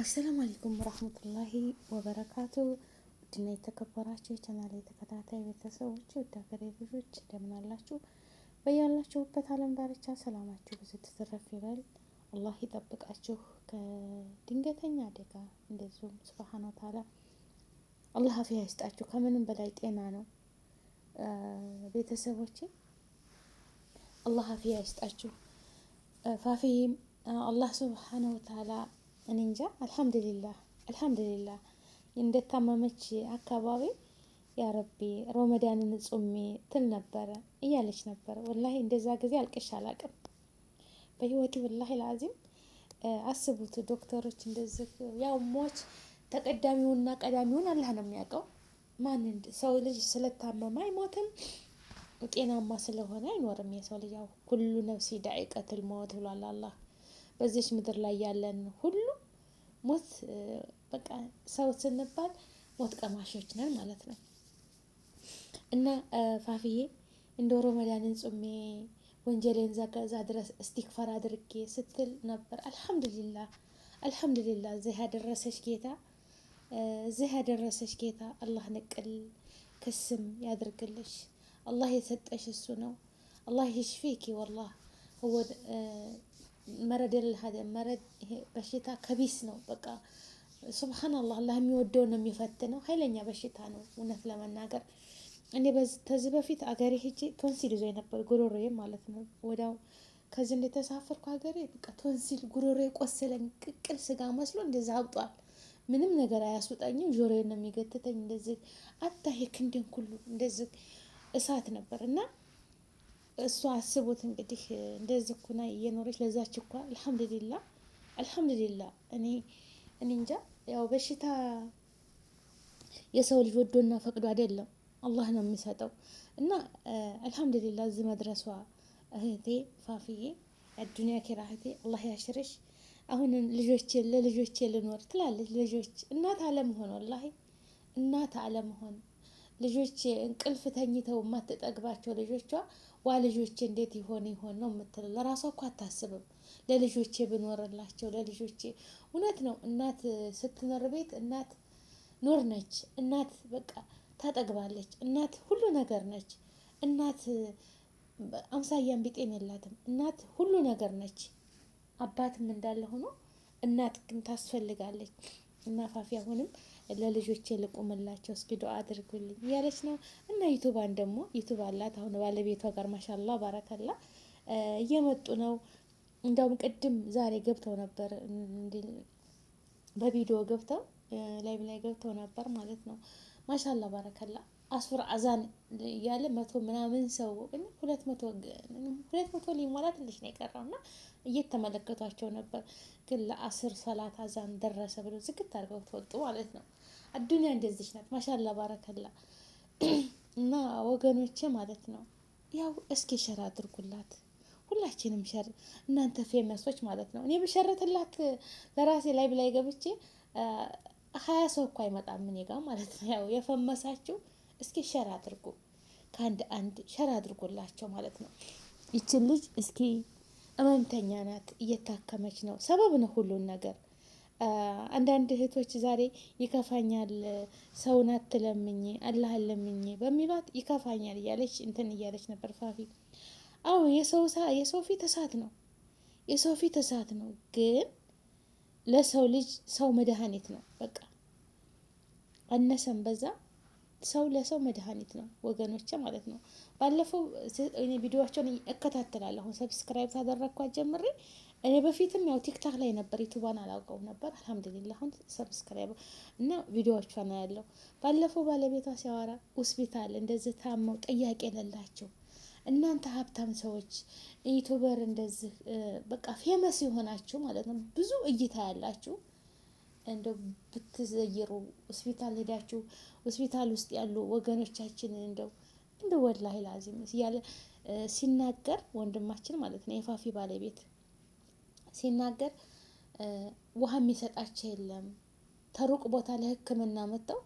አሰላሙ አለይኩም ወራህመቱላሂ ወበረካቱ ድና የተከበራችሁ የቻናል የተከታታይ ቤተሰቦች ወዳገሬ ልጆች እንደምን አላችሁ? በያላችሁበት ዓለም ዳርቻ ሰላማችሁ ብዙ ትትረፍ ይበል። አላህ ይጠብቃችሁ ከድንገተኛ አደጋ፣ እንደዚሁም ስብሓነ ወተዓላ አላህ አፍያ ይስጣችሁ። ከምንም በላይ ጤና ነው። ቤተሰቦቼ አላህ አፍያ ይስጣችሁ። ፋፊ አላህ ስብሓነ ወተዓላ እኔ እንጃ። አልሐምዱሊላህ አልሐምዱሊላህ እንደታመመች አካባቢ ያረቢ ሮመዳንን ጾሜ ትል ነበረ እያለች ነበረ። ወላሂ እንደዛ ጊዜ አልቅሽ አላቅም በህይወቴ ወላሂ ላዚም። አስቡት። ዶክተሮች እንደዚህ ያው ሞች ተቀዳሚውና ቀዳሚውን አላህ ነው የሚያውቀው። ማን ሰው ልጅ ስለታመመ አይሞትም፣ ጤናማ ስለሆነ አይኖርም። የሰው ልጅ ያው ኩሉ ነፍሲ ዳኢቀትል ሞት ብሏል አላህ በዚች ምድር ላይ ያለን ሁሉ ሞት በቃ ሰው ስንባል ሞት ቀማሾች ነን ማለት ነው። እና ፋፍዬ እንደ ሮመዳንን ጾሜ ወንጀሌን ዛ ድረስ እስቲክፈር አድርጌ ስትል ነበር። አልሐምዱሊላ አልሐምዱሊላ፣ እዚህ ያደረሰች ጌታ እዚህ ያደረሰች ጌታ አላህ ንቅል ክስም ያድርግልሽ። አላህ የሰጠሽ እሱ ነው። አላህ ይሽፊኪ ወላህ መረደል መረድ ይሄ በሽታ ከቢስ ነው። በቃ ሱብሃነላህ አላህ የሚወደው ነው የሚፈትነው። ኃይለኛ በሽታ ነው እውነት ለመናገር እኔ ከዚህ በፊት አገሬ ሄጄ ቶንሲል ይዞ የነበር ጉሮሮዬ ማለት ነው። ወዲያው ከዚህ እንደተሳፈርኩ ሀገሬ በቃ ቶንሲል ጉሮሮዬ ቆሰለኝ፣ ቅቅል ስጋ መስሎ እንደዛ አብጧል። ምንም ነገር አያስወጣኝም። ጆሮዬ ነው የሚገትተኝ እንደዚህ አታ የክንዴን ሁሉ እንደዚህ እሳት ነበር እና እሷ አስቡት እንግዲህ እንደዚህ እኩና እየኖረች ለዛች እኳ አልሐምዱሊላ አልሐምዱሊላ። እኔ እኔ እንጃ ያው በሽታ የሰው ልጅ ወዶና ፈቅዶ አይደለም አላህ ነው የሚሰጠው እና አልሐምዱሊላ እዚህ መድረሷ እህቴ ፋፍዬ አዱኒያ ኪራ እህቴ አላህ ያሽርሽ። አሁን ልጆቼ ለልጆቼ ልኖር ትላለች። ልጆች እናት አለመሆን ወላሂ እናት አለመሆን ልጆች እንቅልፍ ተኝተው የማትጠግባቸው ልጆቿ ዋ ልጆቼ እንዴት ይሆን ይሆን ነው የምትለው። ለራሷ እኮ አታስብም። ለልጆቼ ብኖርላቸው ለልጆቼ እውነት ነው። እናት ስትኖር ቤት እናት ኖር ነች። እናት በቃ ታጠግባለች። እናት ሁሉ ነገር ነች። እናት አምሳያን ቢጤም የላትም። እናት ሁሉ ነገር ነች። አባትም እንዳለ ሆኖ እናት ግን ታስፈልጋለች እና ፋፊ አሁንም ለልጆቼ ልቁምላቸው እስኪ ዱአ አድርጉልኝ እያለች ነው። እና ዩቱባን ደግሞ ዩቱብ አላት አሁን ባለቤቷ ጋር ማሻላ ባረከላ እየመጡ ነው። እንደውም ቅድም ዛሬ ገብተው ነበር በቪዲዮ ገብተው ላይቭ ላይ ገብተው ነበር ማለት ነው። ማሻላ ባረከላ አስር አዛን እያለ መቶ ምናምን ሰው ሁለት መቶ ሊሞላ ትንሽ ነው የቀረው እና እየተመለከቷቸው ነበር። ግን ለአስር ሰላት አዛን ደረሰ ብሎ ዝግት አድርገው ተወጡ ማለት ነው። አዱኒያ እንደዚች ናት። ማሻላ ባረከላ እና ወገኖቼ ማለት ነው ያው እስኪ ሸር አድርጉላት ሁላችንም ሸር እናንተ ፌመሶች ማለት ነው። እኔ ብሸርትላት ለራሴ ላይ ብላይ ገብቼ ሀያ ሰው እኮ አይመጣም እኔ ጋ ማለት ነው። ያው የፈመሳችሁ እስኪ ሸር አድርጉ። ከአንድ አንድ ሸር አድርጉላቸው ማለት ነው። ይችን ልጅ እስኪ እመምተኛ ናት፣ እየታከመች ነው። ሰበብ ነው ሁሉን ነገር። አንዳንድ እህቶች ዛሬ ይከፋኛል፣ ሰውን አትለምኝ፣ አላህ ለምኝ በሚሏት ይከፋኛል እያለች እንትን እያለች ነበር ፋፊ። አዎ የሰው ፊት እሳት ነው፣ የሰው ፊት እሳት ነው። ግን ለሰው ልጅ ሰው መድኃኒት ነው። በቃ አነሰም በዛ ሰው ለሰው መድኃኒት ነው ወገኖቼ ማለት ነው። ባለፈው እኔ ቪዲዮቸውን እከታተላለሁ። አሁን ሰብስክራይብ ታደረግኳት ጀምሬ እኔ በፊትም ያው ቲክታክ ላይ ነበር፣ ዩቱባን አላውቀው ነበር። አልሐምዱሊላ አሁን ሰብስክራይብ እና ቪዲዮቿ ነው ያለው። ባለፈው ባለቤቷ ሲያወራ ሆስፒታል እንደዚህ ታመው ጥያቄ የሌላቸው እናንተ ሀብታም ሰዎች ዩቱበር እንደዚህ በቃ ፌመስ የሆናችሁ ማለት ነው ብዙ እይታ ያላችሁ እንደው ብትዘይሩ ሆስፒታል ሄዳችሁ ሆስፒታል ውስጥ ያሉ ወገኖቻችንን እንደው እንደ ወላሂ ላዚም እያለ ሲናገር ወንድማችን ማለት ነው የፋፊ ባለቤት ሲናገር ውሃ የሚሰጣቸው የለም። ተሩቅ ቦታ ለሕክምና መጥተው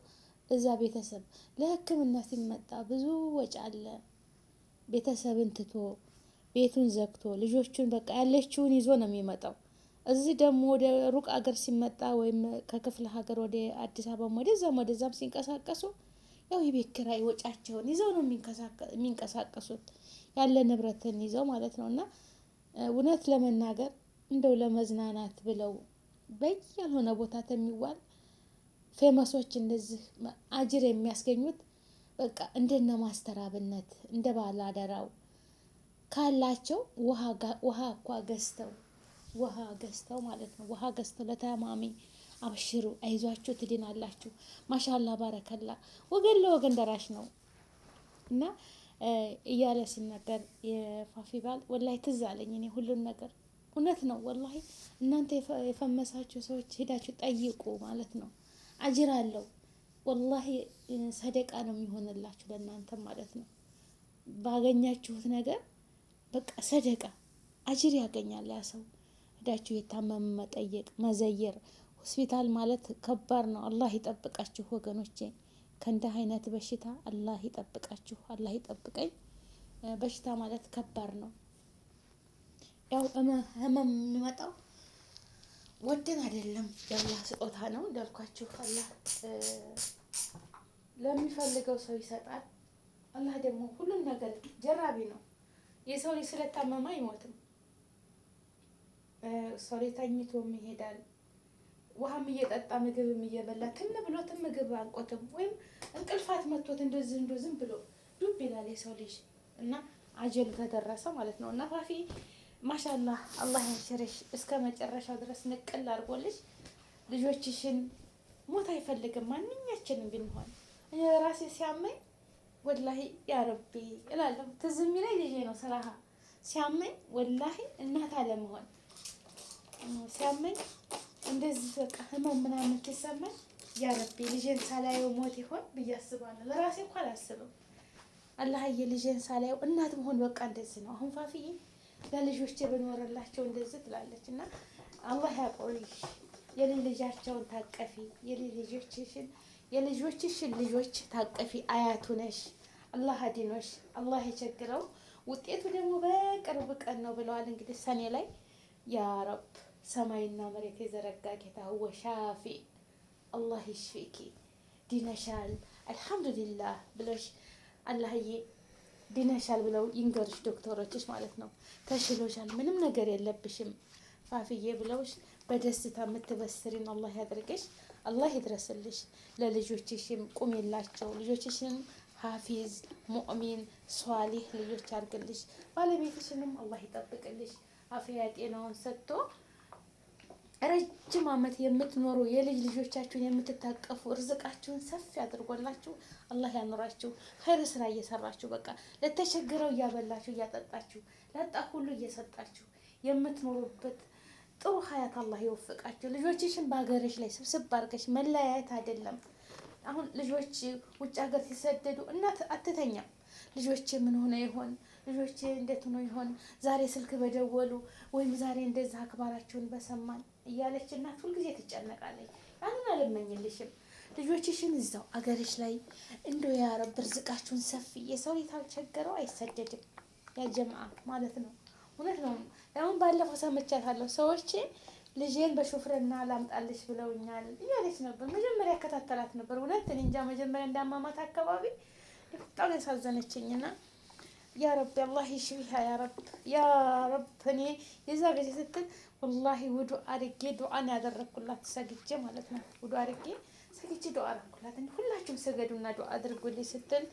እዛ ቤተሰብ ለሕክምና ሲመጣ ብዙ ወጪ አለ። ቤተሰብን ትቶ ቤቱን ዘግቶ ልጆቹን በቃ ያለችውን ይዞ ነው የሚመጣው። እዚህ ደግሞ ወደ ሩቅ ሀገር ሲመጣ ወይም ከክፍለ ሀገር ወደ አዲስ አበባም ወደዛም ወደዛም ሲንቀሳቀሱ ያው የቤት ኪራይ ወጫቸውን ይዘው ነው የሚንቀሳቀሱት ያለ ንብረትን ይዘው ማለት ነው። እና እውነት ለመናገር እንደው ለመዝናናት ብለው በያልሆነ ቦታ ተሚዋል ፌመሶች እንደዚህ አጅር የሚያስገኙት በቃ እንደነ ማስተራብነት እንደ ባለ አደራው ካላቸው ውሃ ውሃ እኳ ገዝተው ውሃ ገዝተው ማለት ነው። ውሃ ገዝተው ለታማሚ አብሽሩ፣ አይዟችሁ፣ ትድናላችሁ። ማሻላ ባረከላ፣ ወገን ለወገን ደራሽ ነው እና እያለ ሲነገር የፋፊ ባል ወላሂ ትዝ አለኝ እኔ ሁሉን ነገር እውነት ነው ወላሂ። እናንተ የፈመሳችሁ ሰዎች ሄዳችሁ ጠይቁ ማለት ነው። አጅር አለው ወላሂ፣ ሰደቃ ነው የሚሆንላችሁ ለእናንተ ማለት ነው። ባገኛችሁት ነገር በቃ ሰደቃ አጅር ያገኛል ያ ሰው። ሄዳችሁ የታመመ መጠየቅ፣ መዘየር ሆስፒታል ማለት ከባድ ነው። አላህ ይጠብቃችሁ ወገኖቼ፣ ከእንዲህ አይነት በሽታ አላህ ይጠብቃችሁ፣ አላህ ይጠብቀኝ። በሽታ ማለት ከባድ ነው። ያው ህመም የሚመጣው ወደን አይደለም፣ የአላህ ስጦታ ነው እንዳልኳችሁ። አላህ ለሚፈልገው ሰው ይሰጣል። አላህ ደግሞ ሁሉን ነገር ጀራቢ ነው። የሰው ልጅ ስለታመመ አይሞትም። ሶሪ ተኝቶም ይሄዳል። ውሃም እየጠጣ ምግብም እየበላ ትን ብሎትም ምግብ አልቆትም ወይም እንቅልፋት መቶት እንደዚህ እንዶ ዝም ብሎ ዱብ ይላል የሰው ልጅ እና አጀሉ ተደረሰ ማለት ነው። እና ፋፊ ማሻላ አላህ ያንሽርሽ እስከ መጨረሻው ድረስ ንቅል አድርጎልሽ ልጆችሽን ሞት አይፈልግም ማንኛችንም ብንሆን እኔ ራሴ ሲያመኝ ወላሂ ያረቢ እላለሁ። ትዝ የሚለኝ ልጄ ነው ስራሃ ሲያመኝ ወላሂ እናት አለመሆን ሲያመኝ እንደዚህ በቃ ህመም ምናምን ሲሰማኝ ልጄን ሳላየው ሞት ይሆን ብዬ አስባለሁ። ለራሴ አላስብም። አላህዬ ልጄን ሳላየው እናት መሆን በቃ እንደዚህ ነው። አሁን ፋፍዬ ብኖረላቸው እንደዚህ ትላለች እና አላህ ያቆይሽ። የልጅ ታቀፊ፣ የልጆችሽን ልጆች ታቀፊ። አያቱ ነሽ፣ አላህ አዲኖሽ። አላህ የቸግረው ውጤቱ ደግሞ በቅርብ ቀን ነው ብለዋል። እንግዲህ ሰኔ ላይ ያ ረብ ሰማይና መሬት የዘረጋ ጌታ ወሻፊ አላህ ይሽፊኪ ዲነሻል አልሐምዱሊላህ ብለሽ አላህዬ ዲነሻል ብለው ይንገርሽ ዶክተሮችሽ ማለት ነው። ተሽሎሻል፣ ምንም ነገር የለብሽም ፋፍዬ ብለውሽ በደስታ የምትበስሪን አላህ ያድርግሽ። አላህ ይድረስልሽ። ለልጆችሽም ቁሚላቸው። ልጆችሽንም ሀፊዝ ሙእሚን ሷሊህ ልጆች አድርግልሽ። ባለቤትሽንም አላህ ይጠብቅልሽ። አፍያ ጤናውን ሰጥቶ ረጅም ዓመት የምትኖሩ የልጅ ልጆቻችሁን የምትታቀፉ እርዝቃችሁን ሰፊ አድርጎላችሁ አላህ ያኑራችሁ። ኸይር ስራ እየሰራችሁ በቃ ለተቸግረው እያበላችሁ እያጠጣችሁ ላጣ ሁሉ እየሰጣችሁ የምትኖሩበት ጥሩ ሀያት አላህ ይወፍቃችሁ። ልጆችሽን በሀገርሽ ላይ ስብስብ አድርገሽ መለያየት አይደለም። አሁን ልጆች ውጭ ሀገር ሲሰደዱ እናት አትተኛም። ልጆች ምን ሆነ ይሆን ልጆቼ እንዴት ሆኖ ይሆን ዛሬ ስልክ በደወሉ ወይም ዛሬ እንደዛ አክባራቸውን በሰማን እያለች እናት ሁልጊዜ ትጨነቃለች። ያንን አልመኝልሽም። ልጆችሽን እዛው አገርሽ ላይ እንደው ያረብ ርዝቃችሁን ሰፊ የሰው የታልቸገረው አይሰደድም ያጀማአ ማለት ነው። እውነት ነው። ለምን ባለፈው ሰምቻታለሁ ሰዎች ልጄን በሹፍርና ላምጣልሽ ብለውኛል እያለች ነበር። መጀመሪያ ያከታተላት ነበር። እውነት እኔ እንጃ መጀመሪያ እንዳማማት አካባቢ በጣም ያሳዘነችኝና ያ ረብ አላህ ይሽቢሃ ያ ረብ ያ ረብ። እኔ የዛ ጊዜ ስትል ወላሂ ውዱ አድርጌ ዱዓን ያደረግኩላት ሰግጄ ማለት ነው። ውዱ አድርጌ ሰግጄ ዱዓ አደረግኩላት። ሁላችሁም ስገዱና ዱዓ አድርጉልኝ ስትል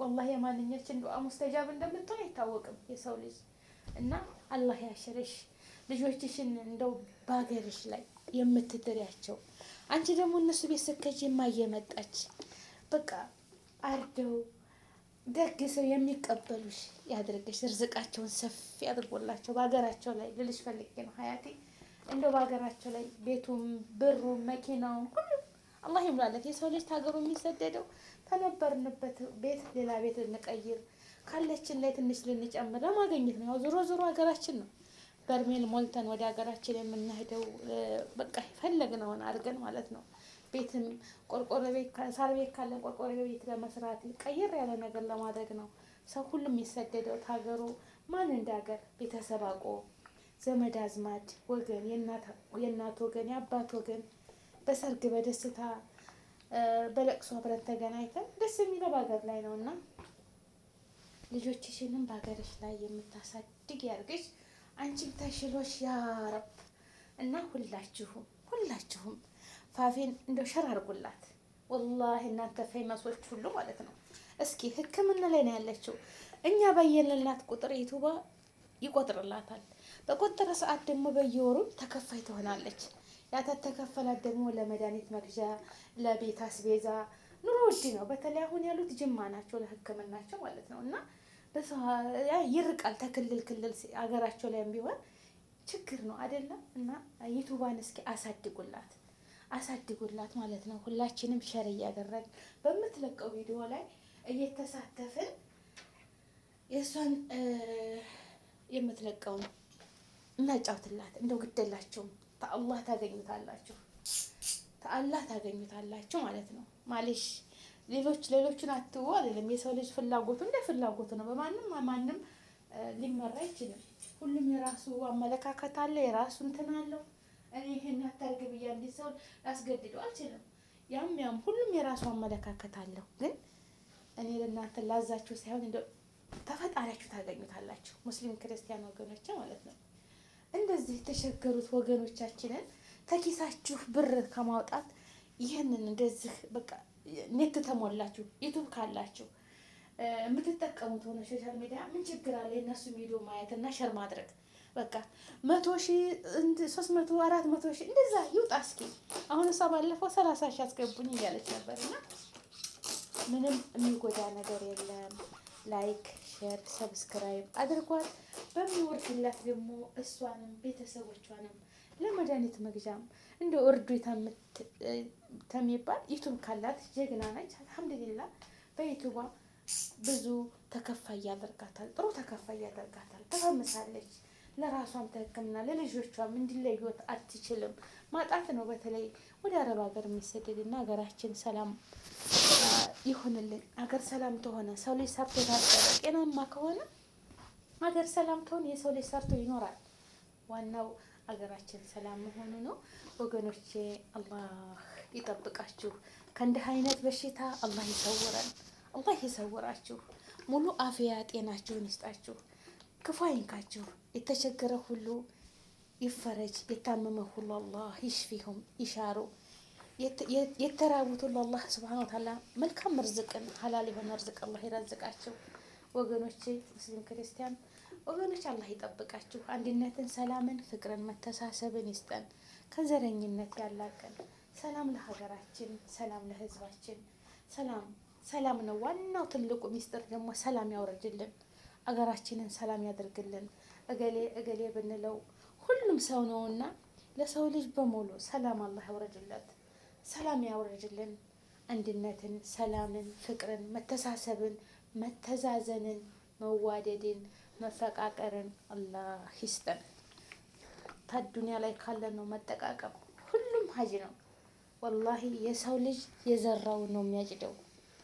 ወላሂ የማንኛችን ዱዓ ሙስተጃብ እንደምትሆን አይታወቅም የሰው ልጅ እና አላህ ያሽርሽ ልጆችሽን እንደው በሀገርሽ ላይ የምትድሪያቸው አንቺ ደግሞ እነሱ ቤት ሰከጅ የማየመጣች በቃ አርደው ደግ ሰው የሚቀበሉሽ ያድርግሽ፣ ርዝቃቸውን ሰፊ አድርጎላቸው በሀገራቸው ላይ ልልሽ ፈልጌ ነው ሀያቴ። እንደው በሀገራቸው ላይ ቤቱም፣ ብሩም፣ መኪናውም ሁሉም አላህ ይሙላለት። የሰው ልጅ ታገሩ የሚሰደደው ከነበርንበት ቤት ሌላ ቤት ልንቀይር ካለችን ላይ ትንሽ ልንጨምር ለማገኘት ነው። ዞሮ ዞሮ ሀገራችን ነው በርሜል ሞልተን ወደ ሀገራችን የምንሄደው በቃ ፈለግነውን አድርገን ማለት ነው። ቤትም ቆርቆሮ ቤት ሳር ቤት ካለን ቆርቆሮ ቤት ለመስራት ቀየር ያለ ነገር ለማድረግ ነው ሰው ሁሉም የሚሰደደው ታገሩ ማን እንደ ሀገር ቤተሰብ አቆ ዘመድ አዝማድ ወገን የእናት ወገን የአባት ወገን በሰርግ በደስታ በለቅሶ አብረን ተገናኝተን ደስ የሚለው በሀገር ላይ ነው እና ልጆችሽንም በሀገርሽ ላይ የምታሳድግ ያርግሽ። አንቺም ተሽሎሽ ያረብ እና ሁላችሁም ሁላችሁም ፋፌን እንደ ሸር አድርጉላት። ወላሂ እናንተ ፌመሶች ሁሉ ማለት ነው። እስኪ ህክምና ላይ ነው ያለችው። እኛ ባየንላት ቁጥር ዩቱባ ይቆጥርላታል። በቆጠረ ሰዓት ደግሞ በየወሩ ተከፋይ ትሆናለች። ያታት ተከፈላት ደግሞ ለመድኃኒት መግዣ፣ ለቤት አስቤዛ ኑሮ ውድ ነው። በተለይ አሁን ያሉት ጅማ ናቸው ለህክምናቸው ማለት ነው። እና ይርቃል ተክልል ክልል አገራቸው ላይም ቢሆን ችግር ነው አይደለም። እና ዩቱባን እስኪ አሳድጉላት። አሳድጉላት ማለት ነው። ሁላችንም ሸር እያደረግ በምትለቀው ቪዲዮ ላይ እየተሳተፍን የእሷን የምትለቀውን እናጫውትላት። እንደው ግደላችሁም ተአላህ ታገኙታላችሁ፣ ተአላህ ታገኙታላችሁ ማለት ነው። ማሌሽ ሌሎች ሌሎችን አትዎ አይደለም። የሰው ልጅ ፍላጎቱ እንደ ፍላጎቱ ነው። በማንም ማንም ሊመራ አይችልም። ሁሉም የራሱ አመለካከት አለ፣ የራሱ እንትን አለው። እኔ ይሄን አታርግ ብያ እንዲህ ሰውን ላስገድደው አልችልም። ያም ያም ሁሉም የራሱ አመለካከት አለው። ግን እኔ ለእናንተ ላዛችሁ ሳይሆን እንደ ተፈጣሪያችሁ ታገኙታላችሁ። ሙስሊም ክርስቲያን ወገኖች ማለት ነው። እንደዚህ የተቸገሩት ወገኖቻችንን ተኪሳችሁ ብር ከማውጣት ይህንን እንደዚህ በቃ ኔት ተሞላችሁ ዩቱብ ካላችሁ የምትጠቀሙት ሆነ ሶሻል ሚዲያ ምን ችግር አለ? የእነሱ ቪዲዮ ማየት እና ሸር ማድረግ በቃ መቶ ሺህ ሶስት መቶ አራት መቶ ሺ እንደዛ ይውጣ እስኪ። አሁን እሷ ባለፈው ሰላሳ ሺ አስገቡኝ እያለች ነበር። እና ምንም የሚጎዳ ነገር የለም። ላይክ፣ ሼር፣ ሰብስክራይብ አድርጓል። በሚወርድላት ደግሞ እሷንም ቤተሰቦቿንም ለመድኃኒት መግዣም እንደ እርዱ ተሚባል ዩቱብ ካላት ጀግና ነች። አልሐምዱሊላ በዩቱቧ ብዙ ተከፋይ ያደርጋታል። ጥሩ ተከፋይ ያደርጋታል። ተፈምሳለች። ለራሷም ተህክምና ለልጆቿም እንዲለዩት አትችልም። ማጣት ነው። በተለይ ወደ አረብ ሀገር የሚሰደድና ሀገራችን ሰላም ይሁንልን። ሀገር ሰላም ተሆነ ሰው ልጅ ሰርቶ ታጠረ ጤናማ ከሆነ ሀገር ሰላም ተሆነ የሰው ልጅ ሰርቶ ይኖራል። ዋናው ሀገራችን ሰላም መሆኑ ነው። ወገኖቼ አላህ ይጠብቃችሁ። ከእንዲህ አይነት በሽታ አላህ ይሰውረን፣ አላህ ይሰውራችሁ። ሙሉ አፍያ ጤናችሁን ይስጣችሁ። ክፉ አይንካችሁ። የተቸገረ ሁሉ ይፈረጅ። የታመመ ሁሉ አላህ ይሽፊሁም ይሻሩ። የተራቡት ሁሉ አላህ ስብሓን ወተዓላ መልካም እርዝቅን ሀላል የሆነ እርዝቅ አላህ ይረዝቃቸው። ወገኖች ሙስሊም ክርስቲያን ወገኖች አላህ ይጠብቃችሁ። አንድነትን፣ ሰላምን፣ ፍቅርን፣ መተሳሰብን ይስጠን። ከዘረኝነት ያላቀን። ሰላም ለሀገራችን፣ ሰላም ለህዝባችን ሰላም ሰላም ነው ዋናው ትልቁ ሚስጥር። ደግሞ ሰላም ያውረድልን። አገራችንን ሰላም ያደርግልን። እገሌ እገሌ ብንለው ሁሉም ሰው ነውና ለሰው ልጅ በሙሉ ሰላም አላህ ያውረድለት፣ ሰላም ያውረድልን። አንድነትን፣ ሰላምን፣ ፍቅርን፣ መተሳሰብን፣ መተዛዘንን፣ መዋደድን፣ መፈቃቀርን አላህ ይስጠን። ታዱኒያ ላይ ካለ ነው መጠቃቀም ሁሉም ሀጅ ነው። ወላሂ የሰው ልጅ የዘራውን ነው የሚያጭደው።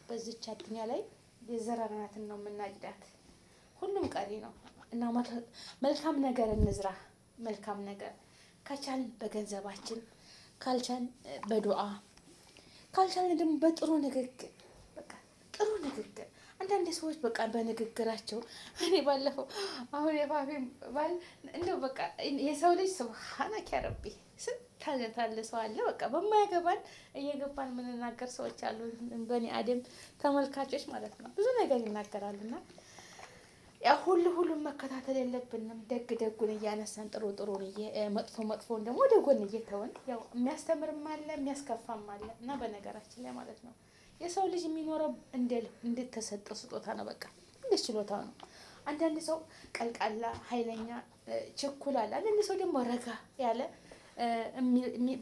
በዚች አዱኒያ ላይ የዘራናትን ነው የምናጭዳት። ሁሉም ቀሪ ነው እና መልካም ነገር እንዝራ። መልካም ነገር ከቻል በገንዘባችን ካልቻል በዱዓ ካልቻልን ደግሞ በጥሩ ንግግር፣ በቃ ጥሩ ንግግር። አንዳንድ ሰዎች በቃ በንግግራቸው እኔ ባለፈው አሁን የፋፊ ባል እንደው በቃ የሰው ልጅ ስብሃና ኪያረቢ ስንት አይነት አለ ሰው አለ። በቃ በማያገባን እየገባን የምንናገር ሰዎች አሉ። በእኔ አደም ተመልካቾች ማለት ነው ብዙ ነገር ይናገራሉና ሁሉ ሁሉም መከታተል የለብንም። ደግ ደጉን እያነሳን ጥሩ ጥሩን መጥፎ መጥፎን ደግሞ ወደ ጎን እየተወን ያው የሚያስተምርም አለ የሚያስከፋም አለ እና በነገራችን ላይ ማለት ነው የሰው ልጅ የሚኖረው እንደተሰጠው ስጦታ ነው። በቃ እንደ ችሎታው ነው። አንዳንድ ሰው ቀልቃላ፣ ኃይለኛ፣ ችኩል አለ። አንዳንድ ሰው ደግሞ ረጋ ያለ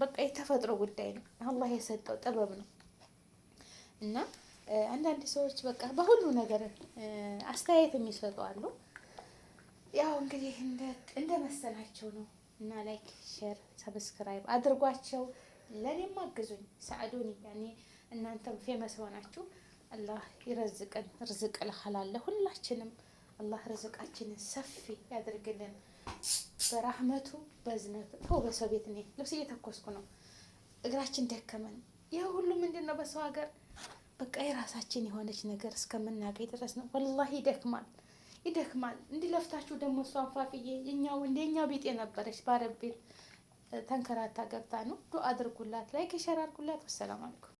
በቃ የተፈጥሮ ጉዳይ ነው። አላህ የሰጠው ጥበብ ነው እና አንዳንድ ሰዎች በቃ በሁሉ ነገር አስተያየት የሚሰጡ አሉ። ያው እንግዲህ እንደ መሰላቸው ነው እና ላይክ፣ ሼር፣ ሰብስክራይብ አድርጓቸው። ለኔም አግዙኝ ሰዓዱኒ ያኔ እናንተም ፌመስ ሆናችሁ አላህ ይረዝቅን ርዝቅ ልኸላለ ሁላችንም አላህ ርዝቃችንን ሰፊ ያድርግልን በራህመቱ በዝነቱ። ተው በሰው ቤት እኔ ልብስ እየተኮስኩ ነው። እግራችን ደከመን። ይህ ሁሉ ምንድን ነው በሰው ሀገር በቃ የራሳችን የሆነች ነገር እስከምናገኝ ድረስ ነው። ወላሂ ይደክማል ይደክማል። እንዲለፍታችሁ ደግሞ እሷ አንፋፍዬ ወንድ የኛ ቤጤ ነበረች ባረቤት ተንከራታ ገብታ ነው። ዱአ አድርጉላት፣ ላይክ ሸር አድርጉላት። ወሰላም አለይኩም